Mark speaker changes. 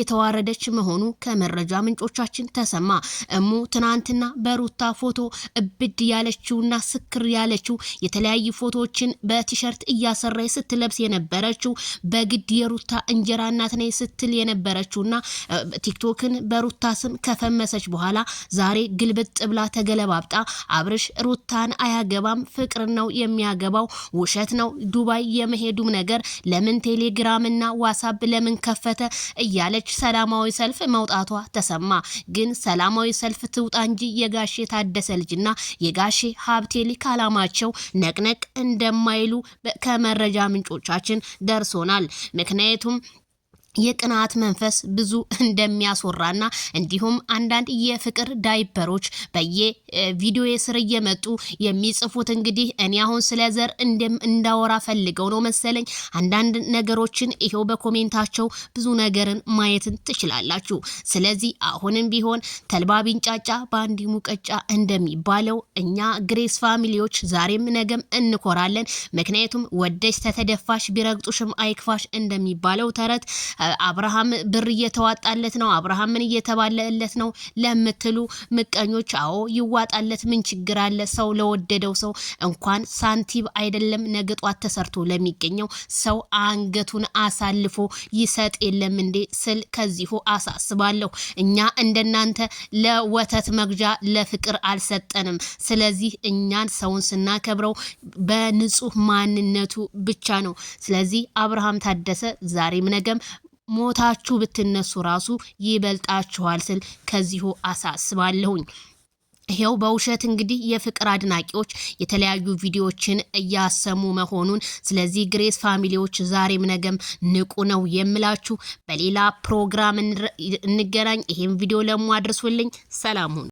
Speaker 1: የተዋረደች መሆኑ ከመረጃ ምንጮቻችን ተሰማ። እሙ ትናንትና በሩታ ፎቶ እብድ ያለችውና ስክር ያለችው የተለያዩ ፎቶዎችን በቲሸርት እያሰራች ስትለብስ የነበረችው በግድ የሩታ እንጀራ እናት ነኝ ስትል የነበረችውና ቲክቶክን በሩታ ስም ከፈመሰች በኋላ ዛሬ ግልብጥ ብላ ተገለባብጣ አብርሽ ሩታን አያገባም፣ ፍቅር ነው የሚያገባው፣ ውሸት ነው፣ ዱባይ የመሄዱም ነገር ለምን ቴሌግራምና ዋሳብ ለምን ከፈተ እያለች እያለች ሰላማዊ ሰልፍ መውጣቷ ተሰማ። ግን ሰላማዊ ሰልፍ ትውጣ እንጂ የጋሼ የታደሰ ልጅና የጋሼ ሀብቴ ልጅ ነቅነቅ እንደማይሉ ከመረጃ ምንጮቻችን ደርሶናል። ምክንያቱም የቅናት መንፈስ ብዙ እንደሚያስወራና እንዲሁም አንዳንድ የፍቅር ዳይፐሮች በየቪዲዮ ስር እየመጡ የሚጽፉት እንግዲህ እኔ አሁን ስለ ዘር እንዳወራ ፈልገው ነው መሰለኝ። አንዳንድ ነገሮችን ይሄው በኮሜንታቸው ብዙ ነገርን ማየትን ትችላላችሁ። ስለዚህ አሁንም ቢሆን ተልባ ቢንጫጫ በአንድ ሙቀጫ እንደሚባለው እኛ ግሬስ ፋሚሊዎች ዛሬም ነገም እንኮራለን። ምክንያቱም ወደች ተተደፋሽ ቢረግጡሽም አይክፋሽ እንደሚባለው ተረት አብርሃም ብር እየተዋጣለት ነው፣ አብርሃም ምን እየተባለለት ነው ለምትሉ ምቀኞች፣ አዎ ይዋጣለት። ምን ችግር አለ? ሰው ለወደደው ሰው እንኳን ሳንቲም አይደለም ነገ ጧት ተሰርቶ ለሚገኘው ሰው አንገቱን አሳልፎ ይሰጥ የለም እንዴ ስል ከዚሁ አሳስባለሁ። እኛ እንደናንተ ለወተት መግዣ ለፍቅር አልሰጠንም። ስለዚህ እኛን ሰውን ስናከብረው በንጹህ ማንነቱ ብቻ ነው። ስለዚህ አብርሃም ታደሰ ዛሬም ነገም ሞታችሁ ብትነሱ ራሱ ይበልጣችኋል ስል ከዚሁ አሳስባለሁኝ። ይሄው በውሸት እንግዲህ የፍቅር አድናቂዎች የተለያዩ ቪዲዮዎችን እያሰሙ መሆኑን። ስለዚህ ግሬስ ፋሚሊዎች ዛሬም ነገም ንቁ ነው የምላችሁ። በሌላ ፕሮግራም እንገናኝ። ይሄን ቪዲዮ ለሞ አድርሱልኝ። ሰላም ሁኑ።